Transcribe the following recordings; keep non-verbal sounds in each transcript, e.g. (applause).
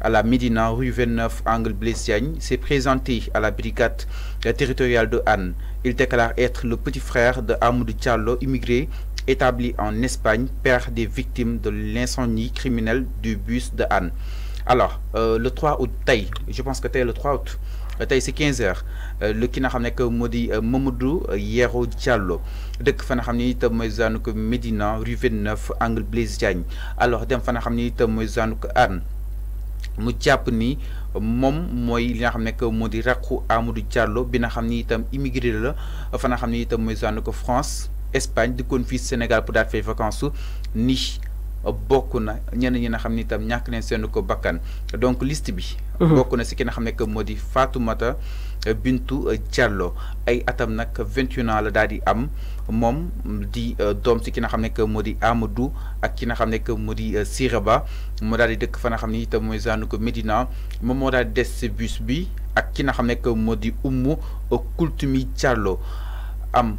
à la Médina, rue 29, angle Blessiagne, s'est présenté à la brigade territoriale de Anne. Il déclare être le petit frère de Amoud Diallo, immigré établi en Espagne, père des victimes de l'incendie criminel du bus de Anne. Alors, euh, le 3 août, taille, je pense que c'était le 3 août, euh, taille c'est 15 heures euh, le qui que moo momoudou Mamadou Yero Diallo De que Fana xam ne Médina rue 29 angle Blaise alors dem Fana nga xam de Han. Anne mu jàpp nii moom mooy li nga xam ne moo di raqu Amadou Diallo bi na xam ni itam immigré la fan xam ni itam mooy sànni ko France Espagne kon fii Sénégal pour daal fay vacances ni bokk na ñenn ñi nga xam ni itam ñàkk nañ seen ko bakkan donc list bi. Mhm. bokk na si ki na xam ne que moo di Fatoumata Bintu Diallo ay atam nag vingt et la daal di am moom di euh, doom si ki na xam ne que moo di Amadou ak ki nga xam ne que moo di euh, Siraba moo daal di dëkk fa nga xam ne itam mooy zaanu ko Médina moom moo daal di des si bus ak ki xam ne que moo di Oumou Koultumi Diallo am.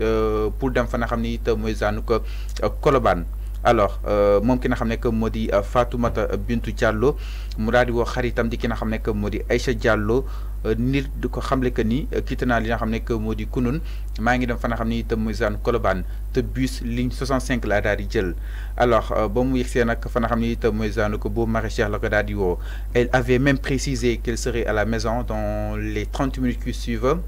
Euh, pour dem fa nga xam ne it ko euh, alors euh, moom ki nga xamne que Fatoumata Bintou Diallo mu daal wo woo xaritam di ki nga xamne ne que moo Aïcha Diallo nit ko xamle que ni quitté li nga xamne que kunun maa ngi dem fa nga xam te bus ligne 65 l'a dadi di jël alors ba mu yegsee nag fa nga xam ne ko boobu la ko dadi wo elle avait même précisé qu'elle serait à la maison dans les 30 minutes qui suivent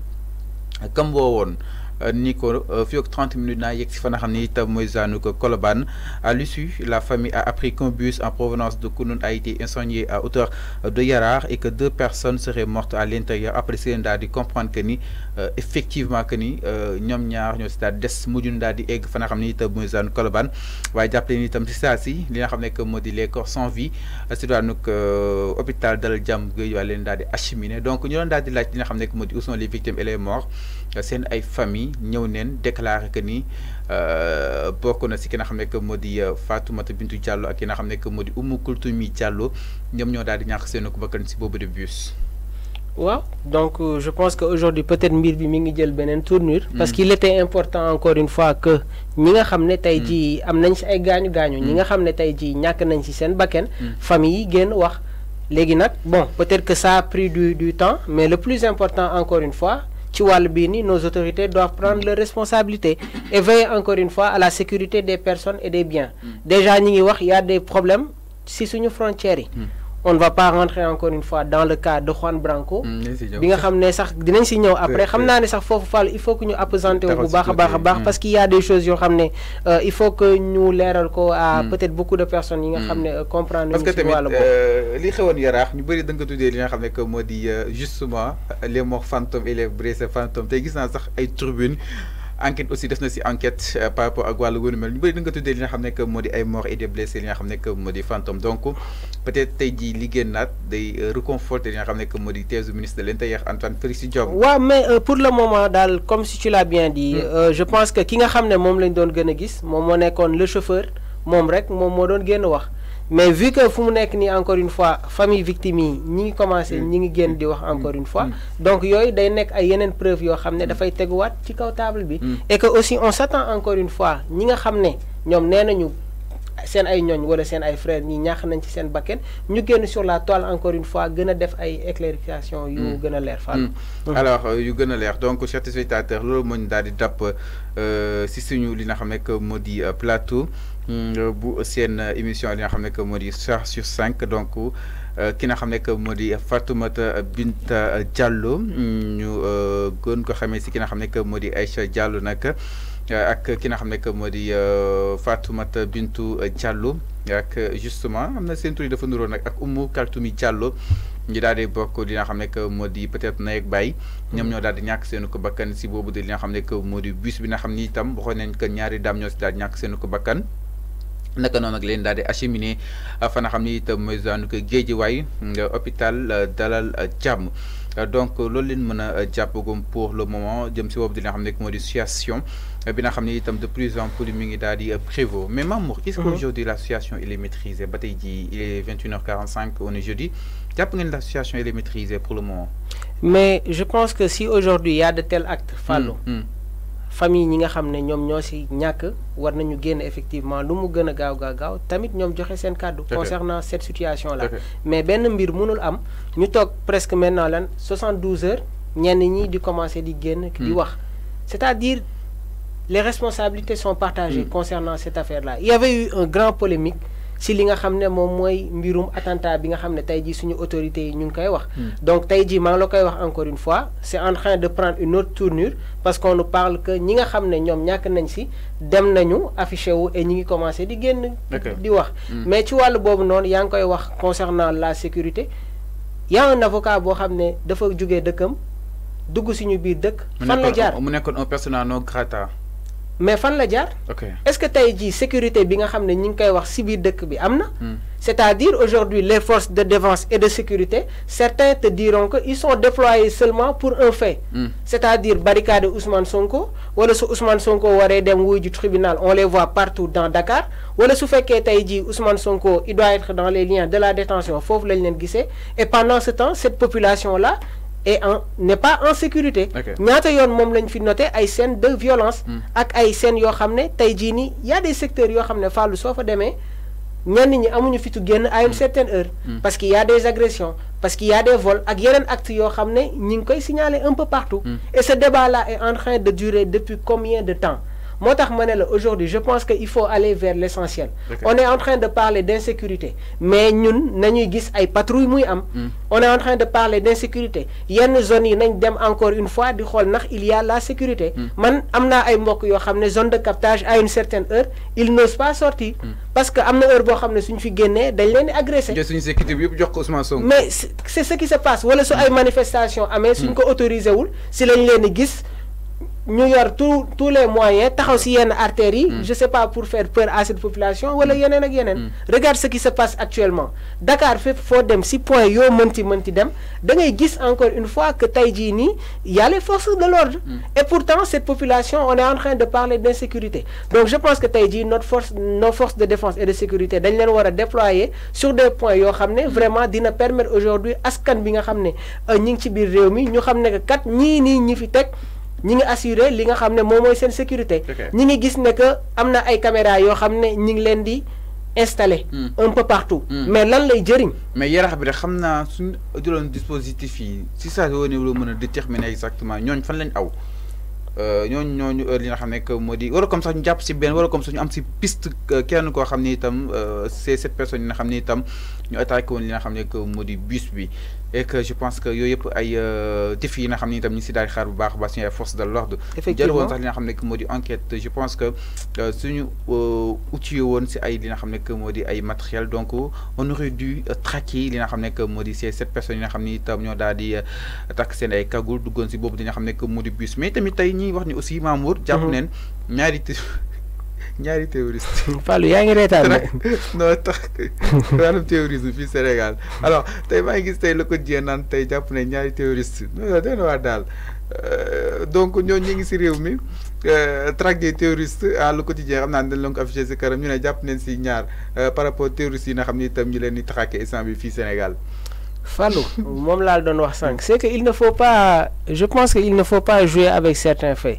comme woowoon. Euh, ni ko euh, fii 30 minutes na yegg fa nga xam ne itam mooy zaanu ko Colobane à l'issue la famille a appris qu'un bus en provenance de Kounoun a été incendié à hauteur de Yarar et que deux personnes seraient mortes à l'intérieur après cela leen di comprendre que ni euh, effectivement que ni ñom ñaar ñoo si des mujj daal di egg fa nga xam ne itam mooy zaanu Colobane waaye ni itam si saa si li nga xam que modi les corps sans vie si daanu hôpital dal jam Guèye walen leen di acheminer donc ñu don daal di laaj li nga xam que modi où sont les victimes et les morts c'est ay famille ñëw déclaré que ni euh, bokk na si que nous euh, Fatoumata Bintou Diallo ak ki nga que moo Oumou Diallo ñoom ñoo daal di ñàkk seen de bus. waaw donc euh, je pense que aujourd'hui peut-être mbir bi mi ngi jël tournure. Mm. parce qu'il était important encore une fois que ñi nga xam ne tey mm. jii am nañ si ay gaañu gaañu. ñi mm. nga xam ne nañ nous bakken. famille yi wax. bon peut-être que ça a pris du temps mais le plus important encore une fois nos autorités doivent prendre leurs responsabilités et veiller encore une fois à la sécurité des personnes et des biens mm. déjà il y a des problèmes si nos frontières mm on ne va pas rentrer encore une fois dans le cas de Juan Branco. Mm, bi nga sax si après xam naa il faut que nous appesantions wu bu mm. parce qu'il y a des choses yoo euh, il faut que nous leeral à mm. peut-être beaucoup de personnes yi nga euh, comprendre parce que tamit euh, li xewoon yaraax ñu bëri da nga li nga que justement les morts fantômes et les blessés fantômes tey gis naa sax ay tribune enquête aussi def na enquête euh, par rapport à wàllu wënu mel ñu bëri da nga tuddee li nga xam que modi est ay morts et des blessés li nga que modi fantôme donc peut-être tey jii n'at naat day euh, réconforter li nga que modi di thèse du ministre de l'intérieur Antoine Félix Diome. waaw mais euh, pour le moment dal comme si tu l'as bien dit. Hmm. je pense que ki nga xam ne moom lañ mon gën gis le chauffeur mon rek mon moo Genoa. wax mais vu que vous mu ni encore une fois famille victime ni ngi commencé ni mm. ngi génn di wax encore une fois mm. donc yooyu day nekk ay une preuve yoo xam ne dafay teguwaat ci kaw table bi mm. et que aussi on s'attend encore une fois ni nga xam ne ñoom nee nañu seen ay ñooñ wala seen ay frères ñi ñaax nañ ci seen bakken ñu genn sur la toile encore une fois gëna def ay éclaircisation yu gëna a leer Fall alors euh, yu gëna a leer donc chers téléspectateurs loolu moo ñu daal di dàpp euh, si suñu li nga xamé nekk modi euh, plateau Mm, bu seen euh, émission li nga xam ne que moo di soir sur cinq donc euh, ki nga xam ne que moo di Fatoumata Binta Diallo mm, ñu euh, gën ko xamee si ki nga xam ne que moo di Aïcha Diallo nag ak ki nga xam ne que moo di Fatoumata Bintu Diallo ak justement am na seen tur yi dafa nuroo nag ak Oumou Kaltoumi Diallo ñu daal di bokk li na xam ne que moo di peut-être nay ak bàyyi mm. ñoom ñoo daal di ñàkk seen ko bakkan si boobu de li nga xam ne que moo di bi na xam ni itam waxoon nañ que ñaari daam ñoo si daal ñàkk seenu ko bakkan naka noonu ak leen daal di acheminé euh, fa nga xam de itam mooy daanu euh, euh, dalal jàmm donc loolu leen mën a pour le moment jëm si boobu di nga xam ne moo di situation bi nga xam ne de plus en plus mi ngi daal di prévaut mais Mamour est-ce que mhm. aujourd'hui la situation elle est maîtrisée ba tey jii il est vingt une heure on est jeudi jàpp ngeen la situation elle est maîtrisée pour le moment mais je pense que si aujourd'hui il y a de tels actes fallo hum, hum famille ñi nga xamné ñom ñoom ñoo si ñàkk war nañu génn effectivement lu mu gëna a gaaw gaaw gaaw tamit ñom joxé sen cadeau concernant cette situation là mais ben mbir mënul am ñu tok presque maintenant lan 72 heures ñen ñi di commencer di génn di hmm. wax c'est-à-dire les responsabilités sont partagées hmm. concernant cette affaire là il y avait eu un grand polémique ci li nga xam ne moom mooy mbirum attentat bi nga xam ne tey jii suñu autorité yi ñu ngi koy wax. Hmm. donc tey jii maa ngi la koy wax encore une fois c' est en train de prendre une autre tournure parce qu'on nous parle que ñi nga xam ne ñoom ñàkk nañ si dem nañu affiché wu et ñi ngi commencé di génn. di wax. Hmm. mais ci wàllu boobu noonu yaa ngi koy wax concernant la sécurité y' a un avocat boo xam ne dafa jógee dëkkam dugg suñu biir dëkk. fan la jaar mu nekkoon un persona non grata mais fan la est-ce que Taïdi, sécurité bi nga xam ne ngi koy si bi hmm. c'est-à-dire aujourd'hui les forces de défense et de sécurité certains te diront que ils sont déployés seulement pour un fait hmm. c'est-à-dire barricade Ousmane Sonko wala su Ousmane Sonko waré dem du tribunal on les voit partout dans Dakar wala su féké que Taïdi, Ousmane Sonko il doit être dans les liens de la détention foofu lañ leen gissé et pendant ce temps cette population là et n'est pas en sécurité ñaata yoon noté scènes de violence et hmm. ay scènes y a des secteurs yoo xam ne fàllu soo fa ñi fitu à une hmm. certaine heure hmm. parce qu'il y a des agressions parce qu'il y a des vols ak des actes qui un peu partout et ce débat là est en train de durer depuis combien de temps moo manel aujourd'hui je pense qu'il faut aller vers l'essentiel on est en train de parler d'insécurité mais nous nañuy gis ay patrouille muy hmm. on est en train de parler d'insécurité il yenn zone yi nañ dem encore une fois di xool il y a la sécurité hmm. man amna naa ay mbokk zone de captage à une certaine heure ils n'osent pas sortir hmm. parce que amna heure boo xam ne suñ fi génnee dañ leen agressé mais c'est ce qui se passe wala su une manifestation amee suñ ko autorisé wul si lañ leen gis ñu yor tous tous les moyens taxaw si yenn artère, yi. Mm. je sais pas pour faire peur à cette population wala yeneen ak yeneen. Mm. regarde ce qui se passe actuellement Dakar fépp foo dem si point yoo mënti mënti dem da ngay gis encore une fois que tey jii nii y a les forces de l'ordre mm. et pourtant cette population on est en train de parler d'insécurité donc je pense que tey jii notre force nos forces de défense et de sécurité dañ leen war a déployer sur des points yoo xam ne vraiment dina permettre aujourd'hui askan bi nga xam ne euh, ñi ngi ci biir réew mi ñu xam ne que kat ñii nii ñi fi teg. ñi ngi assurer li nga xam ne moo mooy seen sécurité ñi ngi gis ne que am na ay caméra yoo xam ne ñi ngi leen di installé hmm. un peu partout hmm. mais lan lay jëriñ mais yarax bi rek xam naa suñ jëloon dispositif yi si saa yoo ne loo mën a déterminer exactement ñooñ fan lañ aw euh, ñooñu ñooñu heure li nga xam ne moo di wala comme sax ñu jàpp si benn wala comme sax ñu am si piste euh, kenn koo xam ni itam euh, c'est cette personne yi nga xam ni itam ñu attaqué woon li nga xam ne que moo di bus bi et que je pense que yoyep ay euh, défis yi nga xamni tam ñi ci dal xaar bu baax ba baax suñu ay forces de l'ordre jël woon sax li nga xamni que modi enquête je pense que euh, suñu euh, outillé won ci ay li nga xamni que modi ay matériel donc on aurait dû traquer li nga xamni que modi di ces sept personnes yi nga xam ne itam ñoo daal di takk seen ay kagul duggoon ci bobu di nga xamni que modi bus mais tamit tay ñi wax ni aussi Mamour jàpp mhm. neen ñaari ñaari terroriste (laughs) fallu yaa ngi reetaan de (laughs) non tax wàllum (laughs) terrorisme fii Sénégal alors tey maa ngi gis tey la ko jiyee naan tey jàpp ne ñaari terroriste non dana waa daal euh, donc ñooñu ñu ngi si réew mi euh, traque des terroristes à le quotidien xam naa dañ leen ko affiché si karam ñu ne jàpp nañ si ñaar euh, par rapport terroristes yi nga xam ni itam ñi leen di traqué instant bi fii Sénégal Fallou, c'est il ne faut pas, je pense que il ne faut pas jouer avec certains faits.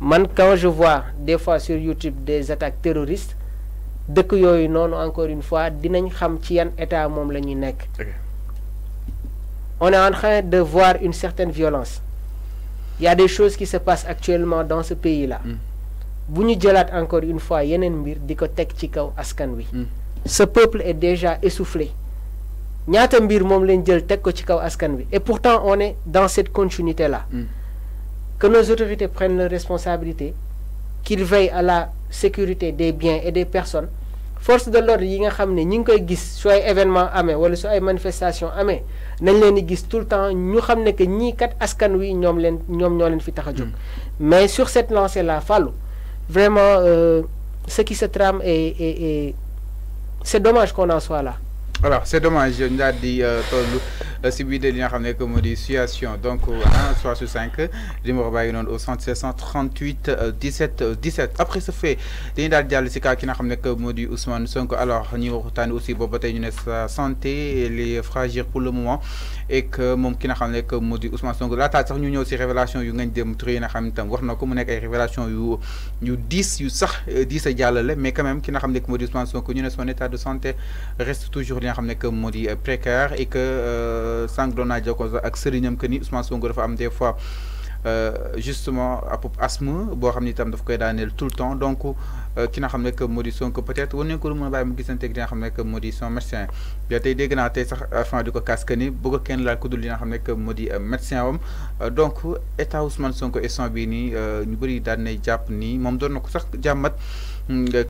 man quand je vois des fois sur YouTube des attaques terroristes dëkk yoy non encore une fois dinañ xam ci état mom lañuy nek on est en train de voir une certaine violence il y a des choses qui se passent actuellement dans ce pays là. Hmm. buñu jëlat encore une fois yeneen mbir diko tek ci kaw askan wi. Hmm. ce peuple est déjà essoufflé ñaata mbir mom leen jël tek ko ci kaw askan wi et pourtant on est dans cette continuité là. Hmm que nos autorités prennent leurs responsabilités, qu'ils veillent à la sécurité des biens et des personnes. Force de l'ordre, il y xamné des ngi qui, gis su soit événement amé wala une manifestation amé nañ leen tout le temps nous xamné que ñi kat askan wi ñom leen hmm. mais sur cette lancée là fallu vraiment euh, ce qui se trame est, c'est dommage qu'on en soit là alors c'est dommage je n'ai dit si biir de li nga xam ne moo situation donc 1 65 numéro baa ngi noonu au 77 138 17 17 après ce fait dañuy daal jàll si kaa ki nga xam ne moo Ousmane Sonko alors ñu waxtaan aussi boobu ba ñu ne sa santé elle est fragile pour le moment et que moom ki nga xam ne moo Ousmane Sonko laataa sax ñu ñëw si révélation yu ngañ dem tur yi nga xam tam wax na mu nekk ay révélation yu yu diis yu sax euh, diis a mais quand même ki nga xam ne moo Ousmane Sonko ñu ne son état de santé reste toujours li nga xam ne moo précaire et que euh, sànq doon naa ak serignam que ni Ousmane Sonko dafa am des fois euh, justement ab asthme bo xamni tam daf koy danel tout le temps donc euh, ki n'a xam ne que Sonko peut-être war ko mën a mu gisante ak li nga xam que moo son médecin yow tey dégg naa tey sax afan diko casque ni bu ko ken la kudul li nga xam que moo euh, médecin wam donc état Ousmane Sonko son bi ni ñu bari daan nay jàpp nii moom doon na sax jàmmat. Hmm,